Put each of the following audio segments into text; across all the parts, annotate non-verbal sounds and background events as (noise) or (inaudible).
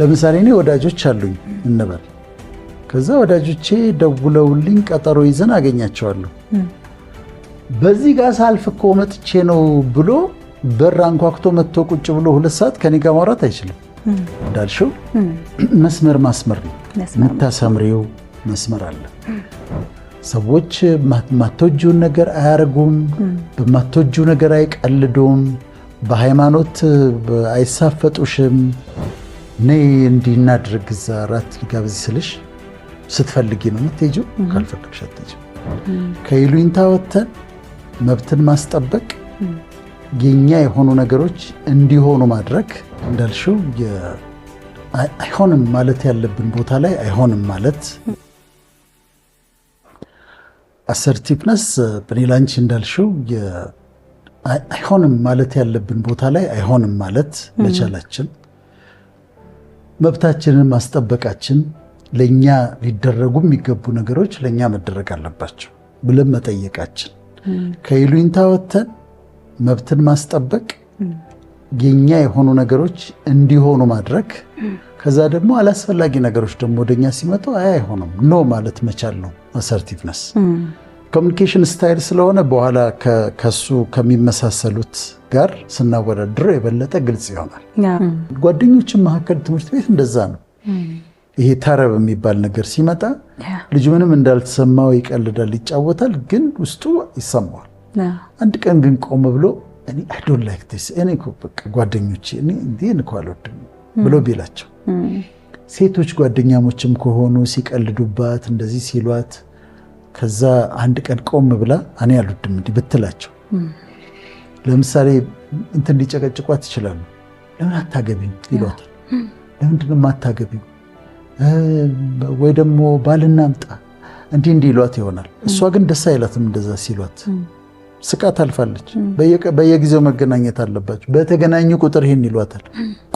ለምሳሌ እኔ ወዳጆች አሉኝ እንበል። ከዛ ወዳጆቼ ደውለውልኝ ቀጠሮ ይዘን አገኛቸዋለሁ። በዚህ ጋር ሳልፍ እኮ መጥቼ ነው ብሎ በር አንኳኩቶ መጥቶ ቁጭ ብሎ ሁለት ሰዓት ከኔ ጋር ማውራት አይችልም። እንዳልሽው መስመር ማስመር ነው። የምታሰምሪው መስመር አለ። ሰዎች ማቶጁን ነገር አያርጉም፣ በማቶጁ ነገር አይቀልዱም፣ በሃይማኖት አይሳፈጡሽም። እኔ እንዲህ እናድርግ እዛ ራት ልጋብዝ ስልሽ ስትፈልጊ ነው የምትሄጂው፣ ካልፈለግሽ አትሄጂም። ከይሉኝታ ወጥተን መብትን ማስጠበቅ የኛ የሆኑ ነገሮች እንዲሆኑ ማድረግ እንዳልሽው አይሆንም ማለት ያለብን ቦታ ላይ አይሆንም ማለት አሰርቲቭነስ በኔ ላንቺ እንዳልሽው አይሆንም ማለት ያለብን ቦታ ላይ አይሆንም ማለት መቻላችን መብታችንን ማስጠበቃችን ለእኛ ሊደረጉ የሚገቡ ነገሮች ለእኛ መደረግ አለባቸው ብለን መጠየቃችን ከይሉኝታ ወጥተን መብትን ማስጠበቅ የኛ የሆኑ ነገሮች እንዲሆኑ ማድረግ ከዛ ደግሞ አላስፈላጊ ነገሮች ደግሞ ወደኛ ሲመጡ አይ አይሆኑም ኖ ማለት መቻል ነው አሰርቲቭነስ ኮሚኒኬሽን ስታይል ስለሆነ በኋላ ከሱ ከሚመሳሰሉት ጋር ስናወዳድረው የበለጠ ግልጽ ይሆናል። ጓደኞችን መካከል ትምህርት ቤት እንደዛ ነው። ይሄ ተረብ የሚባል ነገር ሲመጣ ልጁ ምንም እንዳልተሰማው ይቀልዳል፣ ይጫወታል፣ ግን ውስጡ ይሰማዋል። አንድ ቀን ግን ቆም ብሎ እኔ አይ ዶንት ላይክ ዲስ እኔ ጓደኞቼ እንዲህ እኮ አልወድም ብሎ ቢላቸው ሴቶች ጓደኛሞችም ከሆኑ ሲቀልዱባት እንደዚህ ሲሏት ከዛ አንድ ቀን ቆም ብላ እኔ አልወድም እንዲህ ብትላቸው፣ ለምሳሌ እንትን ሊጨቀጭቋት ይችላሉ። ለምን አታገቢም ይሏታል። ለምንድን ነው ወይ ደግሞ ባልና አምጣ እንዲህ እንዲህ ይሏት ይሆናል። እሷ ግን ደስ አይላትም እንደዛ ሲሏት፣ ስቃ ታልፋለች። በየጊዜው መገናኘት አለባቸው። በተገናኙ ቁጥር ይህን ይሏታል።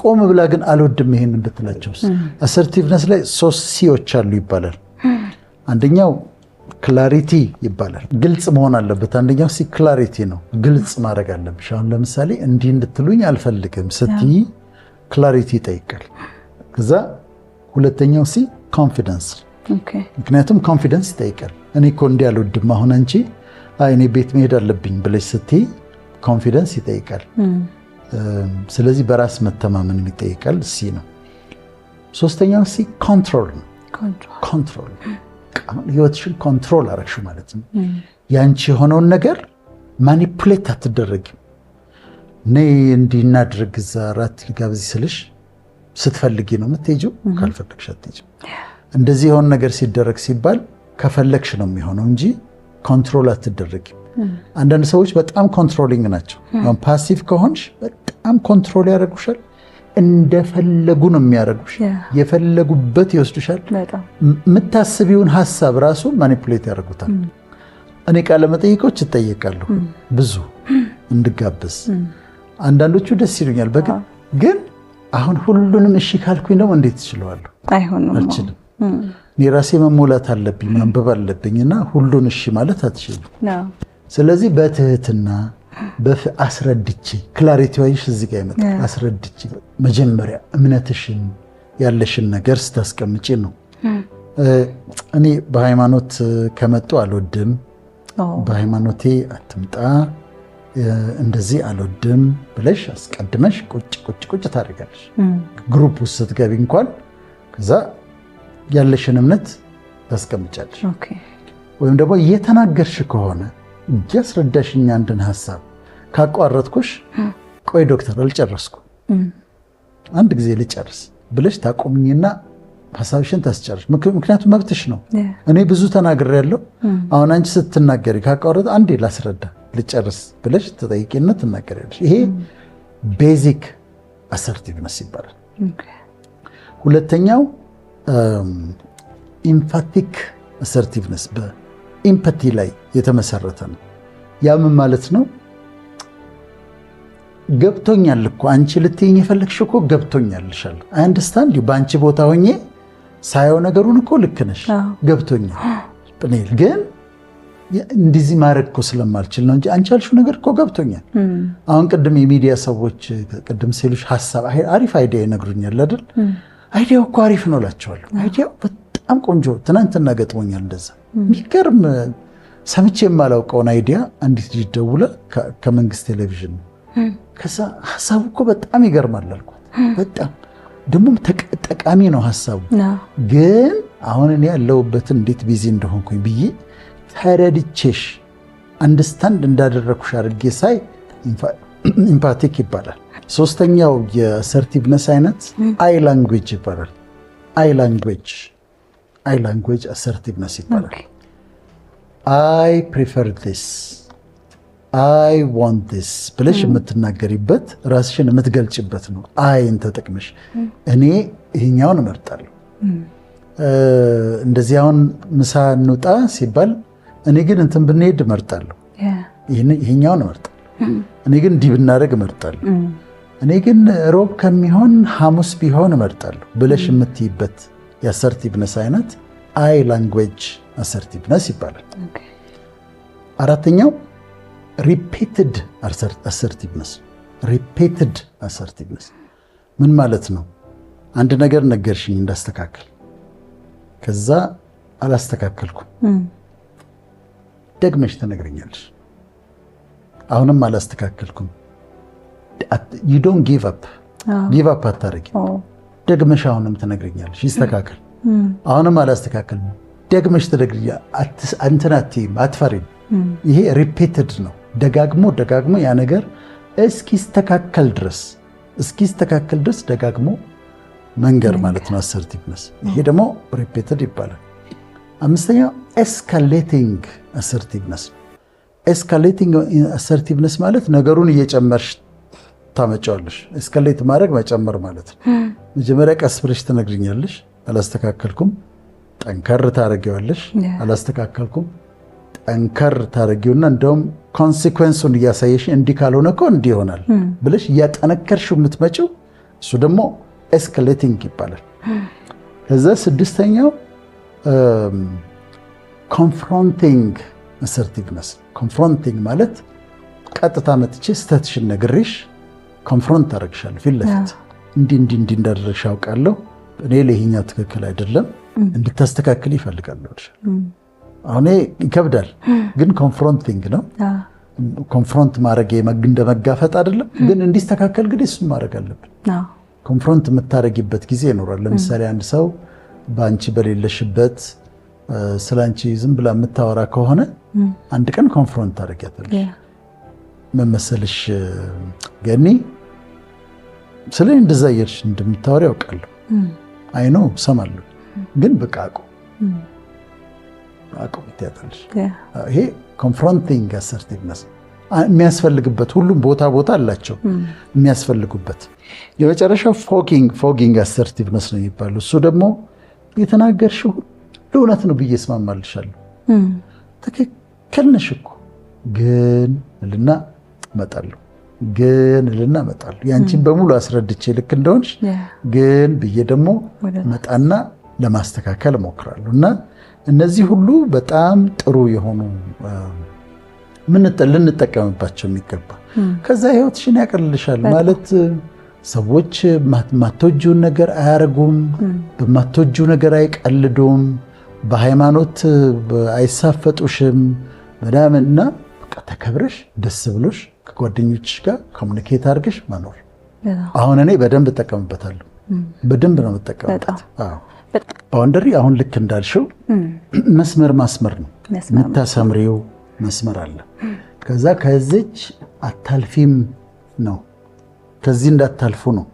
ቆም ብላ ግን አልወድም ይሄንን ብትላቸው አሰርቲቭነስ ላይ ሶስት ሲዎች አሉ ይባላል። አንደኛው ክላሪቲ ይባላል። ግልጽ መሆን አለበት። አንደኛው ሲ ክላሪቲ ነው፣ ግልጽ ማድረግ አለብሽ። አሁን ለምሳሌ እንዲህ እንድትሉኝ አልፈልግም ስትይ ክላሪቲ ይጠይቃል። ከዛ ሁለተኛው ሲ ኮንፊደንስ፣ ምክንያቱም ኮንፊደንስ ይጠይቃል። እኔ እኮ እንዲህ አልወድም፣ አሁን አንቺ እኔ ቤት መሄድ አለብኝ ብለሽ ስትይ ኮንፊደንስ ይጠይቃል። ስለዚህ በራስ መተማመን ይጠይቃል። ሲ ነው። ሶስተኛው ሲ ኮንትሮል ነው። ኮንትሮል ህይወትሽን ኮንትሮል አረግሽ ማለት ነው። ያንቺ የሆነውን ነገር ማኒፑሌት አትደረጊም። እኔ እንዲህ እናድርግ እዛ ራት ልጋብዝ ስልሽ ስትፈልጊ ነው የምትሄጂው፣ ካልፈለግሽ አትሄጂም። እንደዚህ የሆነ ነገር ሲደረግ ሲባል ከፈለግሽ ነው የሚሆነው እንጂ ኮንትሮል አትደረግም። አንዳንድ ሰዎች በጣም ኮንትሮሊንግ ናቸው። ፓሲቭ ከሆንሽ በጣም ኮንትሮል ያደርጉሻል። እንደፈለጉ ነው የሚያደርጉሽ። የፈለጉበት ይወስዱሻል። የምታስቢውን ሀሳብ ራሱ ማኒፑሌት ያደርጉታል። እኔ ቃለ መጠይቆች እጠየቃለሁ ብዙ እንድጋበዝ። አንዳንዶቹ ደስ ይሉኛል። በግ ግን አሁን ሁሉንም እሺ ካልኩኝ ደግሞ እንዴት እችለዋለሁ? አልችልም። እኔ ራሴ መሞላት አለብኝ፣ ማንበብ አለብኝ እና ሁሉን እሺ ማለት አትችልም። ስለዚህ በትህትና አስረድቼ ክላሪቲዋይሽ እዚህ ጋር ይመጣል። አስረድቼ መጀመሪያ እምነትሽን ያለሽን ነገር ስታስቀምጪ ነው። እኔ በሃይማኖት ከመጡ አልወድም፣ በሃይማኖቴ አትምጣ እንደዚህ አልወድም ብለሽ አስቀድመሽ ቁጭ ቁጭ ቁጭ ታደርጋለሽ። ግሩፕ ውስጥ ስትገቢ እንኳን ከዛ ያለሽን እምነት ታስቀምጫለሽ። ወይም ደግሞ እየተናገርሽ ከሆነ እያስረዳሽኛ አንድን ሀሳብ ካቋረጥኩሽ ቆይ ዶክተር አልጨረስኩ አንድ ጊዜ ልጨርስ ብለሽ ታቆምኝና ሀሳብሽን ታስጨርሽ። ምክንያቱም መብትሽ ነው። እኔ ብዙ ተናግሬያለሁ። አሁን አንቺ ስትናገሪ ካቋረጥ አንዴ ላስረዳ ልጨርስ ብለሽ ተጠይቂና ትናገሪያለሽ። ይሄ ቤዚክ አሰርቲቭነስ ይባላል። ሁለተኛው ኢምፓቲክ አሰርቲቭነስ በኢምፓቲ ላይ የተመሰረተ ነው። ያምን ማለት ነው ገብቶኛል እኮ አንቺ ልትይኝ የፈለግሽ እኮ ገብቶኛል ልሻል አንደርስታንድ በአንቺ ቦታ ሆኜ ሳየው ነገሩን እኮ ልክ ነሽ ገብቶኛል ጵኔል ግን እንደዚህ ማድረግ እኮ ስለማልችል ነው እንጂ አንቺ ያልሽው ነገር እኮ ገብቶኛል። አሁን ቅድም የሚዲያ ሰዎች ቅድም ሲሉሽ ሀሳብ አሪፍ አይዲያ ይነግሩኛል አይደል? አይዲያው እኮ አሪፍ ነው እላቸዋለሁ። አይዲያው በጣም ቆንጆ ትናንትና ገጥሞኛል። እንደዛ የሚገርም ሰምቼ የማላውቀውን አይዲያ አንዲት ልጅ ደውላ ከመንግስት ቴሌቪዥን ከዛ ሀሳቡ እኮ በጣም ይገርማል አልኳት። በጣም ደግሞ ጠቃሚ ነው ሀሳቡ። ግን አሁን እኔ ያለሁበትን እንዴት ቢዚ እንደሆንኩኝ ብዬ ተረድቼሽ አንድስታንድ እንዳደረግኩሽ አድርጌ ሳይ ኢምፓቲክ ይባላል። ሶስተኛው የአሰርቲቭነስ አይነት አይ ላንጉዌጅ ይባላል። አይ ላንጉዌጅ አይ ላንጉዌጅ አሰርቲቭነስ ይባላል። አይ ፕሪፈር ዲስ አይ ዋንት ስ ብለሽ የምትናገሪበት ራስሽን የምትገልጭበት ነው። አይን ተጠቅመሽ እኔ ይህኛውን እመርጣለሁ። እንደዚህ አሁን ምሳ እንውጣ ሲባል እኔ ግን እንትን ብንሄድ እመርጣለሁ፣ ይህኛውን እመርጣለሁ። እኔ ግን እንዲህ ብናደርግ እመርጣለሁ። እኔ ግን ሮብ ከሚሆን ሐሙስ ቢሆን እመርጣለሁ ብለሽ የምትይበት የአሰርቲቭነስ አይነት አይ ላንጉዌጅ አሰርቲቭነስ ይባላል። አራተኛው ሪፒትድ አሰርቲቭነስ ሪፒትድ አሰርቲቭነስ ምን ማለት ነው? አንድ ነገር ነገርሽኝ እንዳስተካከል፣ ከዛ አላስተካከልኩም፣ ደግመሽ ተነግረኛለሽ፣ አሁንም አላስተካከልኩም። ዩ ዶንት ጊቭ አፕ ጊቭ አፕ አታረጊ። ደግመሽ አሁንም ትነግረኛለሽ፣ ይስተካከል፣ አሁንም አላስተካከልም፣ ደግመሽ ትነግረኛለሽ። እንትን አትፈሪም። ይሄ ሪፒትድ ነው። ደጋግሞ ደጋግሞ ያ ነገር እስኪስተካከል ድረስ እስኪስተካከል ድረስ ደጋግሞ መንገር ማለት ነው። አሰርቲቭነስ ይሄ ደግሞ ሪፒትድ ይባላል። አምስተኛው ኤስካሌቲንግ አሰርቲቭነስ ነው። ኤስካሌቲንግ አሰርቲቭነስ ማለት ነገሩን እየጨመርሽ ታመጫዋለሽ። ኤስካሌት ማድረግ መጨመር ማለት ነው። መጀመሪያ ቀስ ብለሽ ትነግርኛለሽ፣ አላስተካከልኩም። ጠንከር ታደርጊዋለሽ፣ አላስተካከልኩም ጠንከር ታደርጊውና እንደውም ኮንሲኮንሱን እያሳየሽ እንዲህ ካልሆነ እኮ እንዲህ ይሆናል ብለሽ እያጠነከርሽ የምትመጪው እሱ ደግሞ ኤስካሌቲንግ ይባላል። እዛ ስድስተኛው ኮንፍሮንቲንግ አሰርቲቭነስ። ኮንፍሮንቲንግ ማለት ቀጥታ መጥቼ ስህተትሽን ነግሬሽ ኮንፍሮንት አደርግሻለሁ ፊት ለፊት እንዲህ እንዲህ እንዲህ እንዳደረግሽ አውቃለሁ፣ እኔ ለይሄኛው ትክክል አይደለም እንድታስተካክል ይፈልጋለሁ። አሁኔ ይከብዳል፣ ግን ኮንፍሮንቲንግ ነው። ኮንፍሮንት ማድረግ እንደ መጋፈጥ አይደለም፣ ግን እንዲስተካከል እንግዲህ እሱን ማድረግ አለብን። ኮንፍሮንት የምታደረጊበት ጊዜ ይኖራል። ለምሳሌ አንድ ሰው በአንቺ በሌለሽበት ስለ አንቺ ዝም ብላ የምታወራ ከሆነ አንድ ቀን ኮንፍሮንት ታደርጊያታለሽ። መመሰልሽ ገኒ ስለ እንደዛ እየሄድሽ እንደምታወሪ ያውቃለሁ፣ አይኖ ሰማለሁ፣ ግን በቃ አቁ አቅም ትያጣለሽ። ይሄ ኮንፍሮንቲንግ አሰርቲቭነስ የሚያስፈልግበት ሁሉም ቦታ ቦታ አላቸው የሚያስፈልጉበት። የመጨረሻው ፎጊንግ ፎጊንግ አሰርቲቭነስ ነው የሚባለው። እሱ ደግሞ የተናገርሽው ሁሉ ነው ብዬ እስማማልሻለሁ፣ ትክክል ነሽ እኮ ግን እልና እመጣለሁ ግን እልና እመጣለሁ። ያንቺን በሙሉ አስረድቼ ልክ እንደሆንሽ ግን ብዬ ደግሞ መጣና ለማስተካከል እሞክራለሁ እና እነዚህ ሁሉ በጣም ጥሩ የሆኑ ልንጠቀምባቸው የሚገባ ከዛ ህይወትሽን ያቀልልሻል ማለት ሰዎች ማትወጂውን ነገር አያርጉም፣ በማትወጂው ነገር አይቀልዱም፣ በሃይማኖት አይሳፈጡሽም ምናምን እና ተከብረሽ ደስ ብሎሽ ከጓደኞችሽ ጋር ኮሚኒኬት አድርገሽ መኖር። አሁን እኔ በደንብ እጠቀምበታለሁ። በደንብ ነው የምጠቀምበት። ባውንደሪ አሁን ልክ እንዳልሽው መስመር ማስመር ነው። የምታሰምሪው መስመር አለ። ከዛ ከዚች አታልፊም ነው፣ ከዚህ እንዳታልፉ ነው።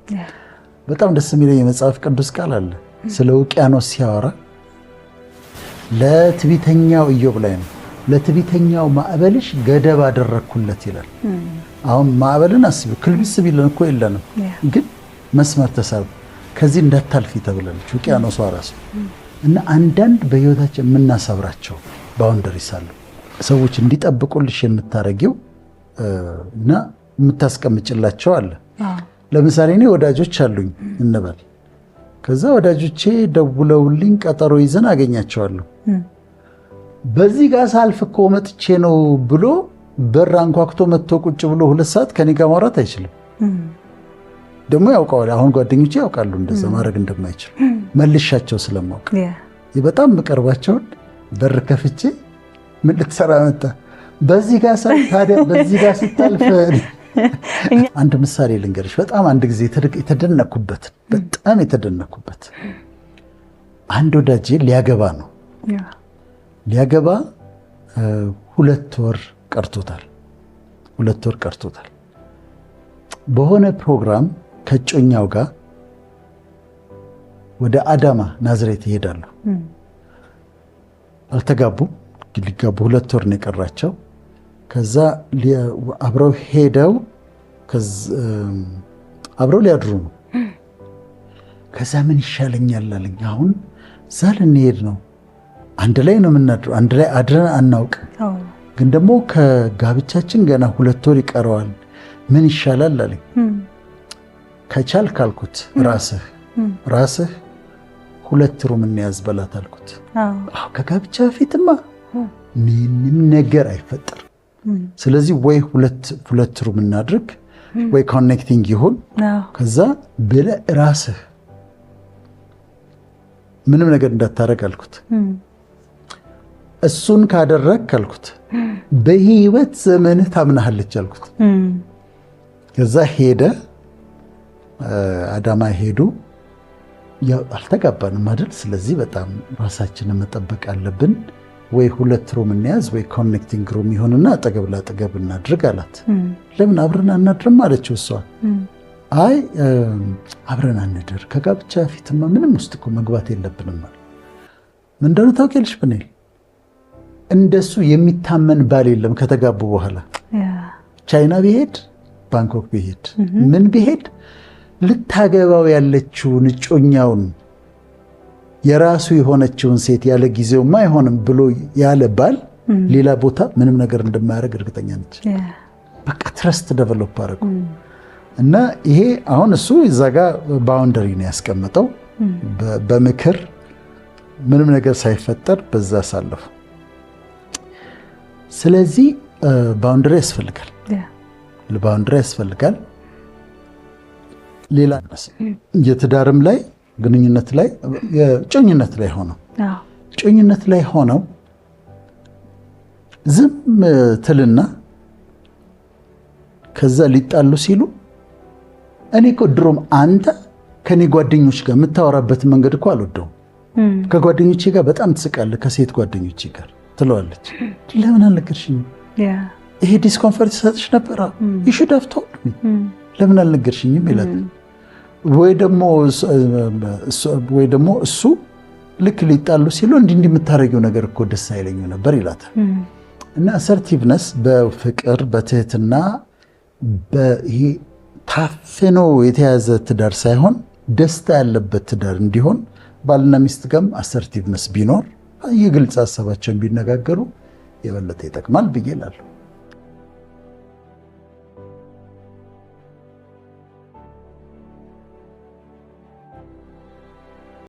በጣም ደስ የሚለው የመጽሐፍ ቅዱስ ቃል አለ ስለ ውቅያኖስ ሲያወራ ለትቢተኛው እዮብ ላይ ነው። ለትቢተኛው ማዕበልሽ ገደብ አደረግኩለት ይላል። አሁን ማዕበልን አስቢው፣ ክልብስ ቢለን እኮ የለንም፣ ግን መስመር ተሳብ ከዚህ እንዳታልፊ ተብላለች ውቅያኖሷ ራሱ እና አንዳንድ በህይወታችን የምናሰብራቸው ባውንደሪስ አሉ። ሰዎች እንዲጠብቁልሽ የምታረጊው እና የምታስቀምጭላቸው አለ። ለምሳሌ እኔ ወዳጆች አሉኝ እንበል። ከዛ ወዳጆቼ ደውለውልኝ ቀጠሮ ይዘን አገኛቸዋለሁ። በዚህ ጋር ሳልፍ እኮ መጥቼ ነው ብሎ በር አንኳኩቶ መጥቶ ቁጭ ብሎ ሁለት ሰዓት ከኔ ጋር ማውራት አይችልም። ደግሞ ያውቀዋል። አሁን ጓደኞቼ ያውቃሉ እንደዛ ማድረግ እንደማይችል መልሻቸው ስለማውቅ በጣም ምቀርባቸውን በር ከፍቼ ምን ልትሰራ መጣ በዚህ ጋር ታዲያ በዚህ ጋር ስታልፍ (laughs) አንድ ምሳሌ ልንገርሽ። በጣም አንድ ጊዜ የተደነኩበት በጣም የተደነኩበት አንድ ወዳጄ ሊያገባ ነው። ሊያገባ ሁለት ወር ቀርቶታል። ሁለት ወር ቀርቶታል። በሆነ ፕሮግራም ከጮኛው ጋር ወደ አዳማ ናዝሬት ይሄዳሉ። አልተጋቡም። ሊጋቡ ሁለት ወር ነው የቀራቸው። ከዛ አብረው ሄደው አብረው ሊያድሩ ነው። ከዛ ምን ይሻለኛል አለኝ። አሁን እዛ ልንሄድ ነው፣ አንድ ላይ ነው የምናድረው፣ አንድ ላይ አድረን አናውቅም። ግን ደግሞ ከጋብቻችን ገና ሁለት ወር ይቀረዋል፣ ምን ይሻላል አለኝ። ከቻል ካልኩት ራስህ ራስህ ሁለት ሩም እንያዝ በላት አልኩት። ከጋብቻ በፊትማ ምንም ነገር አይፈጠር። ስለዚህ ወይ ሁለት ሁለት ሩም እናድርግ ወይ ኮኔክቲንግ ይሁን ከዛ ብለህ ራስህ ምንም ነገር እንዳታረግ አልኩት። እሱን ካደረግ አልኩት በህይወት ዘመንህ ታምናሃለች አልኩት። ከዛ ሄደ አዳማ ሄዱ። አልተጋባንም አይደል? ስለዚህ በጣም ራሳችንን መጠበቅ አለብን። ወይ ሁለት ሩም እንያዝ ወይ ኮኔክቲንግ ሩም ይሆንና አጠገብ ላጠገብ እናድርግ አላት። ለምን አብረን አናድርም አለችው እሷ። አይ አብረን አንድር ከጋብቻ ፊትማ ምንም ውስጥ እኮ መግባት የለብንም አለ። ምን እንደሆነ ታውቂያለሽ ብንል እንደሱ የሚታመን ባል የለም ከተጋቡ በኋላ ቻይና ቢሄድ ባንኮክ ቢሄድ ምን ቢሄድ ልታገባው ያለችውን እጮኛውን የራሱ የሆነችውን ሴት ያለ ጊዜውም አይሆንም ብሎ ያለ ባል ሌላ ቦታ ምንም ነገር እንደማያደርግ እርግጠኛ ነች። በቃ ትረስት ደቨሎፕ አደረጉ እና ይሄ አሁን እሱ እዛ ጋ ባውንደሪ ነው ያስቀመጠው። በምክር ምንም ነገር ሳይፈጠር በዛ አሳለፉ። ስለዚህ ባውንደሪ ያስፈልጋል፣ ባውንደሪ ያስፈልጋል። ሌላ የትዳርም ላይ ግንኙነት ላይ ጭኝነት ላይ ሆነው ጭኝነት ላይ ሆነው ዝም ትልና ከዛ ሊጣሉ ሲሉ እኔ እኮ ድሮም አንተ ከኔ ጓደኞች ጋር የምታወራበት መንገድ እኮ አልወደውም። ከጓደኞቼ ጋር በጣም ትስቃለህ፣ ከሴት ጓደኞቼ ጋር ትለዋለች። ለምን አልነገርሽኝ? ይሄ ዲስኮንፈርት ሰጥሽ ነበር። ይሹ ለምን አልነገርሽኝም ይላታል። ወይ ደግሞ እሱ ልክ ሊጣሉ ሲሉ እንዲህ እንዲህ የምታደርጊው ነገር እኮ ደስ አይለኝም ነበር ይላታል። እና አሰርቲቭነስ በፍቅር በትህትና ታፍኖ የተያዘ ትዳር ሳይሆን ደስታ ያለበት ትዳር እንዲሆን ባልና ሚስት ጋም አሰርቲቭነስ ቢኖር የግልጽ ሀሳባቸውን ቢነጋገሩ የበለጠ ይጠቅማል ብዬ እላለሁ።